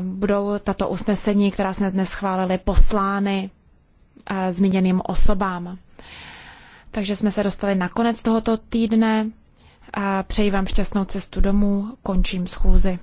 budou tato usnesení, která jsme dnes schválili, poslány eh, zmíněným osobám. Takže jsme se dostali na konec tohoto týdne. přeji vám šťastnou cestu domů, končím schůzi.